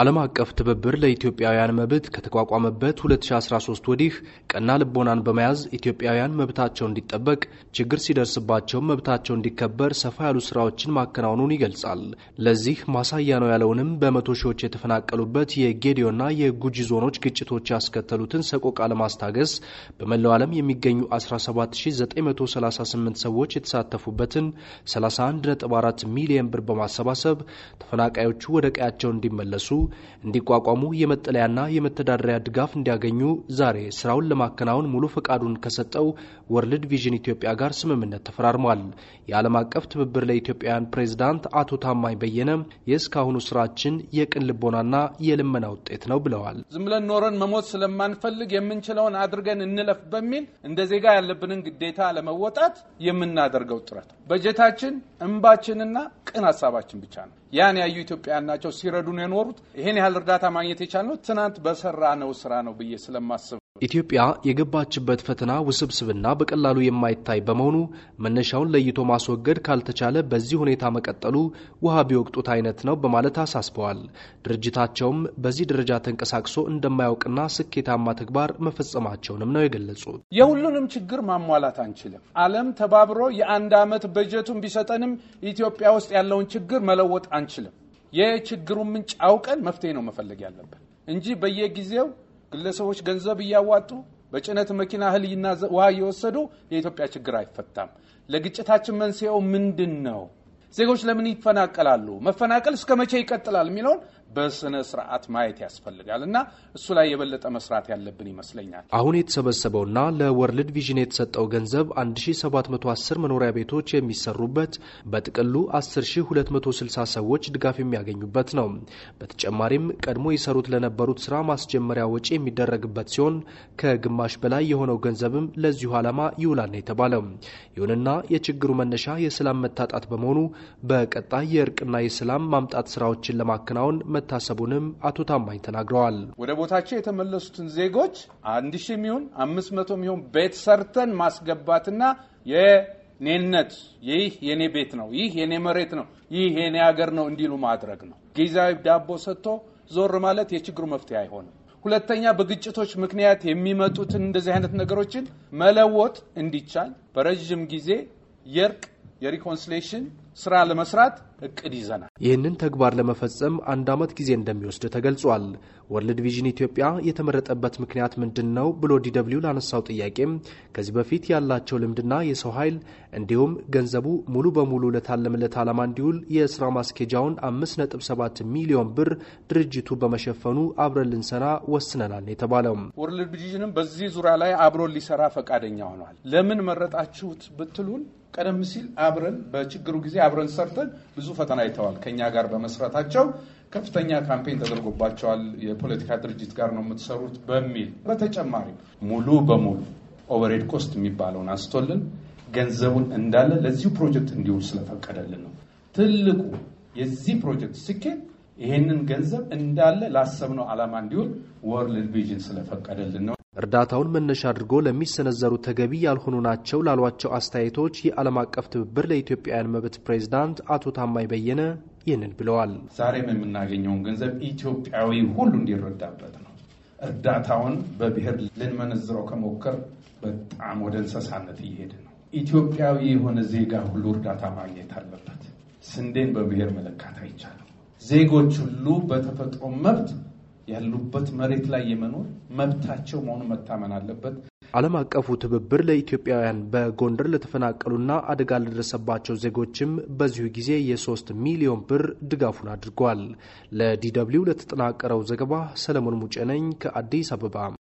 ዓለም አቀፍ ትብብር ለኢትዮጵያውያን መብት ከተቋቋመበት 2013 ወዲህ ቀና ልቦናን በመያዝ ኢትዮጵያውያን መብታቸው እንዲጠበቅ፣ ችግር ሲደርስባቸው መብታቸው እንዲከበር ሰፋ ያሉ ስራዎችን ማከናወኑን ይገልጻል። ለዚህ ማሳያ ነው ያለውንም በመቶ ሺዎች የተፈናቀሉበት የጌዲዮና የጉጂ ዞኖች ግጭቶች ያስከተሉትን ሰቆቃ ለማስታገስ በመላው ዓለም የሚገኙ 17938 ሰዎች የተሳተፉበትን 31.4 ሚሊዮን ብር በማሰባሰብ ተፈናቃዮቹ ወደ ቀያቸው እንዲመለሱ እንዲቋቋሙ የመጠለያና የመተዳደሪያ ድጋፍ እንዲያገኙ ዛሬ ስራውን ለማከናወን ሙሉ ፈቃዱን ከሰጠው ወርልድ ቪዥን ኢትዮጵያ ጋር ስምምነት ተፈራርሟል። የዓለም አቀፍ ትብብር ለኢትዮጵያውያን ፕሬዝዳንት አቶ ታማኝ በየነ የእስካሁኑ ስራችን የቅን ልቦናና የልመና ውጤት ነው ብለዋል። ዝም ብለን ኖረን መሞት ስለማንፈልግ የምንችለውን አድርገን እንለፍ በሚል እንደ ዜጋ ያለብንን ግዴታ ለመወጣት የምናደርገው ጥረት በጀታችን፣ እንባችንና ቅን ሀሳባችን ብቻ ነው። ያን ያዩ ኢትዮጵያውያን ናቸው ሲረዱ ነው የኖሩት። ይሄን ያህል እርዳታ ማግኘት የቻልነው ትናንት በሰራ ነው ስራ ነው ብዬ ስለማስብ ኢትዮጵያ የገባችበት ፈተና ውስብስብና በቀላሉ የማይታይ በመሆኑ መነሻውን ለይቶ ማስወገድ ካልተቻለ በዚህ ሁኔታ መቀጠሉ ውሃ ቢወቅጡት አይነት ነው በማለት አሳስበዋል። ድርጅታቸውም በዚህ ደረጃ ተንቀሳቅሶ እንደማያውቅና ስኬታማ ተግባር መፈጸማቸውንም ነው የገለጹት። የሁሉንም ችግር ማሟላት አንችልም። ዓለም ተባብሮ የአንድ ዓመት በጀቱን ቢሰጠንም ኢትዮጵያ ውስጥ ያለውን ችግር መለወጥ አንችልም። የችግሩን ምንጭ አውቀን መፍትሄ ነው መፈለግ ያለብን እንጂ በየጊዜው ግለሰቦች ገንዘብ እያዋጡ በጭነት መኪና እህልና ውሃ እየወሰዱ የኢትዮጵያ ችግር አይፈታም። ለግጭታችን መንስኤው ምንድን ነው? ዜጎች ለምን ይፈናቀላሉ? መፈናቀል እስከ መቼ ይቀጥላል? የሚለውን በስነ ስርዓት ማየት ያስፈልጋል እና እሱ ላይ የበለጠ መስራት ያለብን ይመስለኛል። አሁን የተሰበሰበውና ለወርልድ ቪዥን የተሰጠው ገንዘብ 1710 መኖሪያ ቤቶች የሚሰሩበት በጥቅሉ 10260 ሰዎች ድጋፍ የሚያገኙበት ነው። በተጨማሪም ቀድሞ ይሰሩት ለነበሩት ስራ ማስጀመሪያ ወጪ የሚደረግበት ሲሆን ከግማሽ በላይ የሆነው ገንዘብም ለዚሁ ዓላማ ይውላል ነው የተባለው። ይሁንና የችግሩ መነሻ የሰላም መታጣት በመሆኑ በቀጣይ የእርቅና የሰላም ማምጣት ስራዎችን ለማከናወን መታሰቡንም አቶ ታማኝ ተናግረዋል። ወደ ቦታቸው የተመለሱትን ዜጎች አንድ ሺ የሚሆን አምስት መቶ የሚሆን ቤት ሰርተን ማስገባትና የኔነት ይህ የኔ ቤት ነው፣ ይህ የኔ መሬት ነው፣ ይህ የኔ ሀገር ነው እንዲሉ ማድረግ ነው። ጊዜያዊ ዳቦ ሰጥቶ ዞር ማለት የችግሩ መፍትሄ አይሆንም። ሁለተኛ በግጭቶች ምክንያት የሚመጡትን እንደዚህ አይነት ነገሮችን መለወጥ እንዲቻል በረዥም ጊዜ የእርቅ የሪኮንስሌሽን ስራ ለመስራት እቅድ ይዘናል። ይህንን ተግባር ለመፈጸም አንድ ዓመት ጊዜ እንደሚወስድ ተገልጿል። ወርልድ ቪዥን ኢትዮጵያ የተመረጠበት ምክንያት ምንድን ነው ብሎ ዲደብሊው ላነሳው ጥያቄም ከዚህ በፊት ያላቸው ልምድና የሰው ኃይል እንዲሁም ገንዘቡ ሙሉ በሙሉ ለታለምለት ዓላማ እንዲውል የስራ ማስኬጃውን 5.7 ሚሊዮን ብር ድርጅቱ በመሸፈኑ አብረን ልንሰራ ወስነናል የተባለው ወርልድ ቪዥንም በዚህ ዙሪያ ላይ አብሮ ሊሰራ ፈቃደኛ ሆኗል። ለምን መረጣችሁት ብትሉን ቀደም ሲል አብረን በችግሩ ጊዜ አብረን ሰርተን ብዙ ፈተና አይተዋል። ከኛ ጋር በመስራታቸው ከፍተኛ ካምፔን ተደርጎባቸዋል። የፖለቲካ ድርጅት ጋር ነው የምትሰሩት በሚል በተጨማሪ ሙሉ በሙሉ ኦቨርሄድ ኮስት የሚባለውን አንስቶልን ገንዘቡን እንዳለ ለዚሁ ፕሮጀክት እንዲውል ስለፈቀደልን ነው። ትልቁ የዚህ ፕሮጀክት ስኬት ይሄንን ገንዘብ እንዳለ ላሰብነው ዓላማ እንዲውል ወርልድ ቪዥን ስለፈቀደልን ነው። እርዳታውን መነሻ አድርጎ ለሚሰነዘሩ ተገቢ ያልሆኑ ናቸው ላሏቸው አስተያየቶች የዓለም አቀፍ ትብብር ለኢትዮጵያውያን መብት ፕሬዝዳንት አቶ ታማኝ በየነ ይህንን ብለዋል። ዛሬም የምናገኘውን ገንዘብ ኢትዮጵያዊ ሁሉ እንዲረዳበት ነው። እርዳታውን በብሔር ልንመነዝረው ከሞከር በጣም ወደ እንስሳነት እየሄድ ነው። ኢትዮጵያዊ የሆነ ዜጋ ሁሉ እርዳታ ማግኘት አለበት። ስንዴን በብሔር መለካት አይቻልም። ዜጎች ሁሉ በተፈጥሮ መብት ያሉበት መሬት ላይ የመኖር መብታቸው መሆኑ መታመን አለበት። ዓለም አቀፉ ትብብር ለኢትዮጵያውያን በጎንደር ለተፈናቀሉና አደጋ ለደረሰባቸው ዜጎችም በዚሁ ጊዜ የሶስት ሚሊዮን ብር ድጋፉን አድርጓል። ለዲደብሊው ለተጠናቀረው ዘገባ ሰለሞን ሙጬ ነኝ ከአዲስ አበባ።